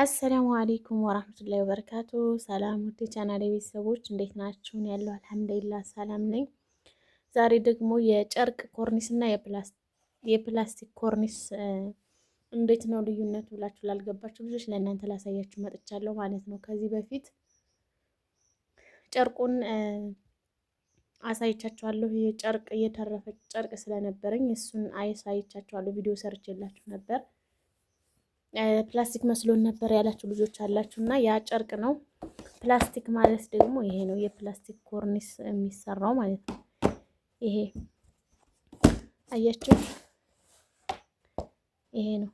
አሰላሙ አሌይኩም ወራህመቱላሂ ወበረካቱ። ሰላም ውድ የቻናሌ ቤተሰቦች እንዴት ናችሁን? ያለው አልሐምዱሊላህ ሰላም ነኝ። ዛሬ ደግሞ የጨርቅ ኮርኒስ እና የፕላስቲክ ኮርኒስ እንዴት ነው ልዩነቱ ብላችሁ ላልገባችሁ ብዙዎች ለእናንተ ላሳያችሁ መጥቻለሁ ማለት ነው። ከዚህ በፊት ጨርቁን አሳይቻችኋለሁ። የጨርቅ እየተረፈ ጨርቅ ስለነበረኝ እሱን አሳይቻችኋለሁ። ቪዲዮ ሰርቼላችሁ ነበር። ፕላስቲክ መስሎን ነበር ያላችሁ ልጆች አላችሁ እና ያ ጨርቅ ነው። ፕላስቲክ ማለት ደግሞ ይሄ ነው፣ የፕላስቲክ ኮርኒስ የሚሰራው ማለት ነው። ይሄ አያችሁ፣ ይሄ ነው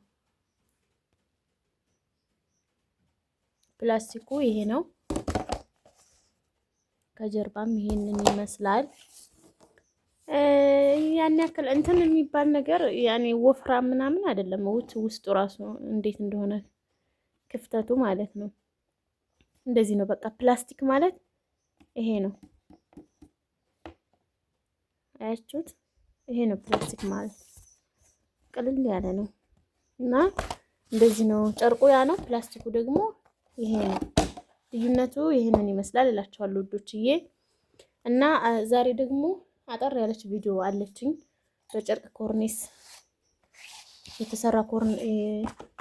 ፕላስቲኩ፣ ይሄ ነው። ከጀርባም ይሄንን ይመስላል። ያን ያክል እንትን የሚባል ነገር ያኔ ወፍራ ምናምን አይደለም። ውት ውስጡ ራሱ እንዴት እንደሆነ ክፍተቱ ማለት ነው። እንደዚህ ነው በቃ ፕላስቲክ ማለት ይሄ ነው። አያችሁት? ይሄ ነው ፕላስቲክ ማለት ቅልል ያለ ነው እና እንደዚህ ነው ጨርቁ፣ ያ ነው ፕላስቲኩ ደግሞ ይሄ ነው። ልዩነቱ ይሄንን ይመስላል እላችኋለሁ ውዶችዬ እና ዛሬ ደግሞ አጠር ያለች ቪዲዮ አለችኝ። በጨርቅ ኮርኒስ የተሰራ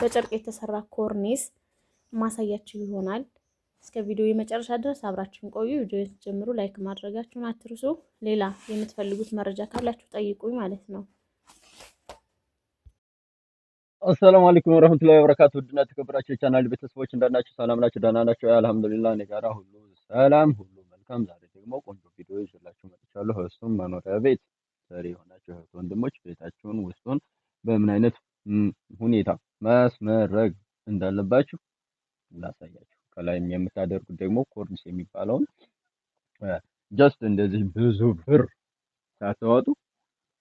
በጨርቅ የተሰራ ኮርኒስ ማሳያችሁ ይሆናል። እስከ ቪዲዮ የመጨረሻ ድረስ አብራችሁን ቆዩ። ቪዲዮ ጀምሩ፣ ላይክ ማድረጋችሁን አትርሱ። ሌላ የምትፈልጉት መረጃ ካላችሁ ጠይቁኝ ማለት ነው። አሰላሙ አለይኩም ወራህመቱላሂ ወበረካቱ። ውድና የተከበራችሁ የቻናል ቤተሰቦች እንደናችሁ፣ ሰላም ናችሁ? ደህና ናችሁ? አልሐምዱሊላህ እኔ ጋራ ሁሉ ሰላም፣ ሁሉ መልካም። ዛሬ ደግሞ ቆንጆ ቪዲዮ ይዤላችሁ ተመልክቻለሁ እሱም መኖሪያ ቤት ሰሪ የሆናችሁ እህት ወንድሞች ቤታችሁን ውስጡን በምን አይነት ሁኔታ ማስመረግ እንዳለባችሁ ላሳያችሁ። ከላይም የምታደርጉት ደግሞ ኮርኒስ የሚባለውን ጀስት እንደዚህ ብዙ ብር ሳትወጡ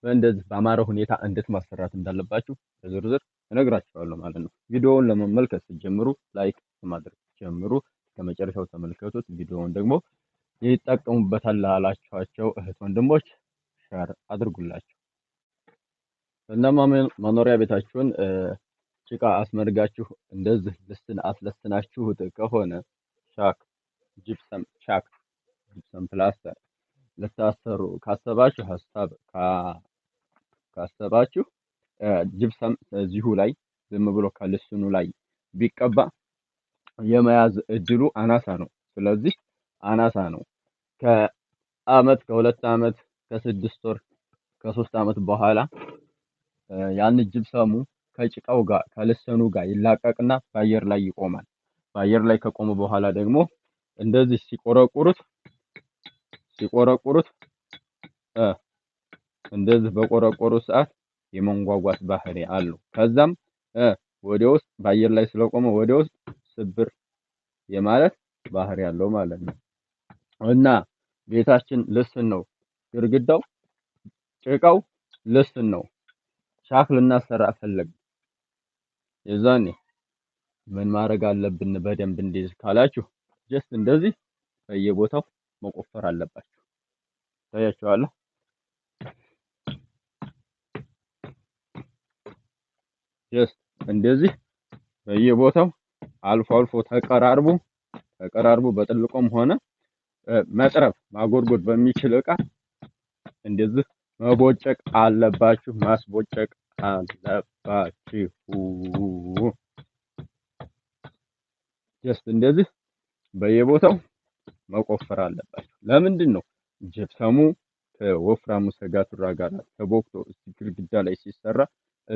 በእንደዚህ በአማረ ሁኔታ እንዴት ማሰራት እንዳለባችሁ በዝርዝር እነግራችኋለሁ ማለት ነው። ቪዲዮውን ለመመልከት ስትጀምሩ ላይክ ማድረግ ጀምሩ። ከመጨረሻው ተመልከቱት። ቪዲዮውን ደግሞ ይጠቀሙበታል ላላችኋቸው እህት ወንድሞች ሸር አድርጉላቸው። እናማ መኖሪያ ቤታችሁን ጭቃ አስመርጋችሁ እንደዚህ ልስን አስለስናችሁት ከሆነ ሻክ ጅፕሰም ሻክ ጅፕሰም ፕላስተር ልታሰሩ ካሰባችሁ ሀሳብ ካሰባችሁ ጅብሰም እዚሁ ላይ ዝም ብሎ ከልስኑ ላይ ቢቀባ የመያዝ እድሉ አናሳ ነው። ስለዚህ አናሳ ነው። ከአመት ከሁለት አመት ከስድስት ወር ከሶስት አመት በኋላ ያን ጅብሰሙ ከጭቃው ጋር ከልሰኑ ጋር ይላቀቅና በአየር ላይ ይቆማል። በአየር ላይ ከቆመ በኋላ ደግሞ እንደዚህ ሲቆረቁሩት ሲቆረቁሩት እንደዚህ በቆረቆሩ ሰዓት የመንጓጓት ባህሪ አለው። ከዛም ወደ ውስጥ በአየር ላይ ስለቆመ ወደ ውስጥ ስብር የማለት ባህሪ አለው ማለት ነው እና ቤታችን ልስን ነው። ግርግዳው ጭቃው ልስን ነው። ሻክል ልናሰራ ፈለግ የዛኔ ምን ማድረግ አለብን? በደንብ እንዴት ካላችሁ ጀስት እንደዚህ በየቦታው መቆፈር አለባችሁ። ታያችኋለሁ። ጀስት እንደዚህ በየቦታው አልፎ አልፎ ተቀራርቡ ተቀራርቡ በጥልቆም ሆነ መጥረብ ማጎድጎድ በሚችል እቃ እንደዚህ መቦጨቅ አለባችሁ፣ ማስቦጨቅ አለባችሁ። ጀስት እንደዚህ በየቦታው መቆፈር አለባችሁ። ለምንድን ነው ጅብሰሙ ከወፍራሙ ሰጋቱራ ጋር ተቦክቶ እዚህ ግድግዳ ላይ ሲሰራ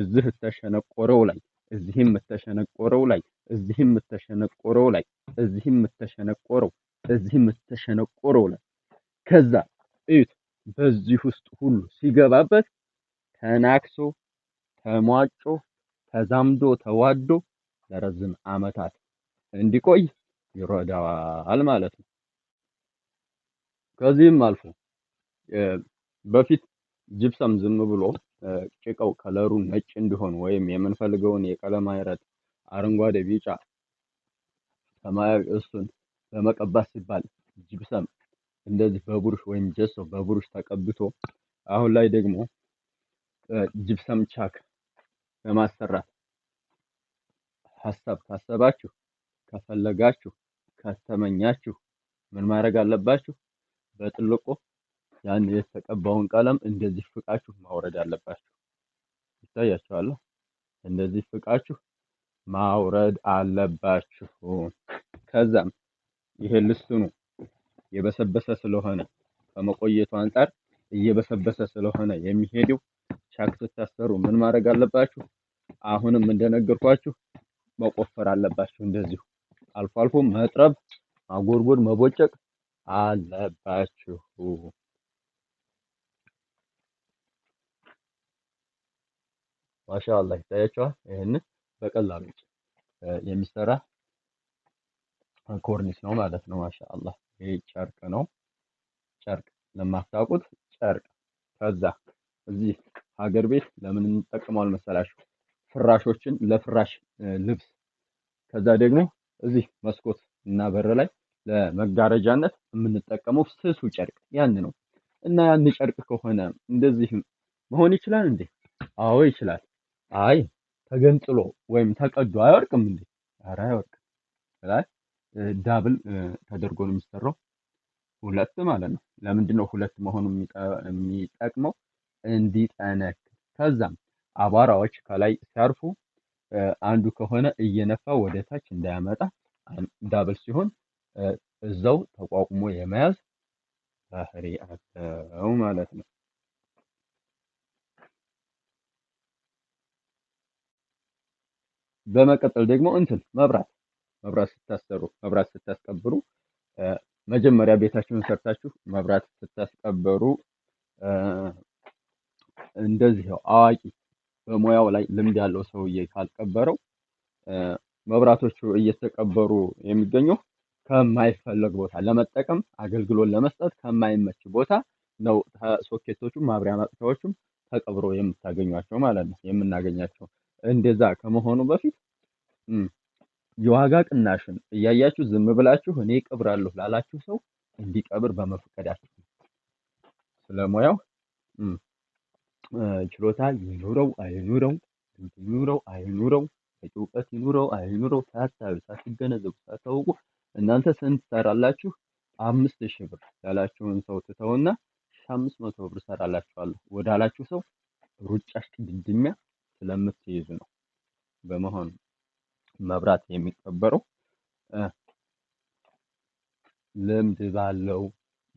እዚህ ተሸነቆረው ላይ እዚህም ተሸነቆረው ላይ እዚህም ተሸነቆረው ላይ እዚህም ተሸነቆረው በዚህ የምትሸነቆረው ላይ ከዛ እዩት። በዚህ ውስጥ ሁሉ ሲገባበት ተናክሶ ተሟጮ ተዛምዶ ተዋዶ ለረዝም ዓመታት እንዲቆይ ይረዳዋል ማለት ነው። ከዚህም አልፎ በፊት ጅብሰም ዝም ብሎ ጭቃው ከለሩ ነጭ እንዲሆን ወይም የምንፈልገውን የቀለም አይረት አረንጓዴ፣ ቢጫ፣ ሰማያዊ እሱን ለመቀባት ሲባል ጅብሰም እንደዚህ በቡሩሽ ወይም ጀሶ በቡሩሽ ተቀብቶ አሁን ላይ ደግሞ ጅብሰም ቻክ በማሰራት ሀሳብ ካሰባችሁ ከፈለጋችሁ ከተመኛችሁ ምን ማድረግ አለባችሁ? በጥልቁ ያን የተቀባውን ቀለም እንደዚህ ፍቃችሁ ማውረድ አለባችሁ። ይታያችኋል። እንደዚህ ፍቃችሁ ማውረድ አለባችሁ። ከዛም ይሄ ልስኑ የበሰበሰ ስለሆነ ከመቆየቱ አንጻር እየበሰበሰ ስለሆነ የሚሄደው ቻክ ስታሰሩ ምን ማድረግ አለባችሁ? አሁንም እንደነገርኳችሁ መቆፈር አለባችሁ። እንደዚሁ አልፎ አልፎ መጥረብ፣ ማጎርጎድ፣ መቦጨቅ አለባችሁ። ማሻአላህ ይታያችኋል። ይህንን በቀላሉ የሚሰራ ኮርኒስ ነው ማለት ነው። ማሻአላ ይሄ ጨርቅ ነው። ጨርቅ ለማታውቁት ጨርቅ ከዛ እዚህ ሀገር ቤት ለምን እንጠቀመዋል መሰላችሁ? ፍራሾችን ለፍራሽ ልብስ ከዛ ደግሞ እዚህ መስኮት እና በር ላይ ለመጋረጃነት የምንጠቀመው ስሱ ጨርቅ ያን ነው እና ያን ጨርቅ ከሆነ እንደዚህ መሆን ይችላል እንዴ? አዎ ይችላል። አይ ተገንጥሎ ወይም ተቀዶ አይወርቅም እንዴ? ኧረ አይወርቅም። ዳብል ተደርጎ ነው የሚሰራው ሁለት ማለት ነው። ለምንድን ነው ሁለት መሆኑ የሚጠቅመው? እንዲጠነክር ከዛም አቧራዎች ከላይ ሲያርፉ አንዱ ከሆነ እየነፋ ወደ ታች እንዳያመጣ ዳብል ሲሆን እዛው ተቋቁሞ የመያዝ ባህሪ አለው ማለት ነው። በመቀጠል ደግሞ እንትን መብራት መብራት ስታሰሩ መብራት ስታስቀብሩ መጀመሪያ ቤታችሁን ሰርታችሁ መብራት ስታስቀብሩ እንደዚህ አዋቂ በሙያው ላይ ልምድ ያለው ሰውዬ ካልቀበረው መብራቶቹ እየተቀበሩ የሚገኘው ከማይፈለግ ቦታ ለመጠቀም አገልግሎት ለመስጠት ከማይመች ቦታ ነው። ሶኬቶቹም ማብሪያ ማጥፊያዎቹም ተቀብሮ የምታገኟቸው ማለት ነው የምናገኛቸው። እንደዛ ከመሆኑ በፊት የዋጋ ቅናሽን እያያችሁ ዝም ብላችሁ እኔ እቀብራለሁ ላላችሁ ሰው እንዲቀብር በመፍቀዳችሁ ስለሙያው ችሎታ ይኑረው አይኑረው ይኑረው አይኑረው እውቀት ይኑረው አይኑረው ሳታዩ ሳትገነዘቡ ሳታውቁ እናንተ ስንት ትሰራላችሁ አምስት ሺህ ብር ያላችሁን ሰው ትተውና አምስት መቶ ብር ሰራላችኋለሁ ወዳላችሁ ሰው ሩጫሽ ድድሚያ ስለምትይዙ ነው በመሆኑ መብራት የሚቀበረው ልምድ ባለው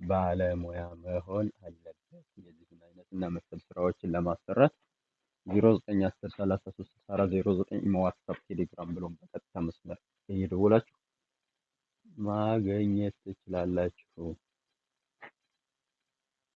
ባለሙያ መሆን አለበት። የዚህን አይነት እና መሰል ስራዎችን ለማሰራት 0910336409 መዋትሳፕ፣ ቴሌግራም ብሎም በቀጥታ መስመር እየደወላችሁ ማገኘት ትችላላችሁ።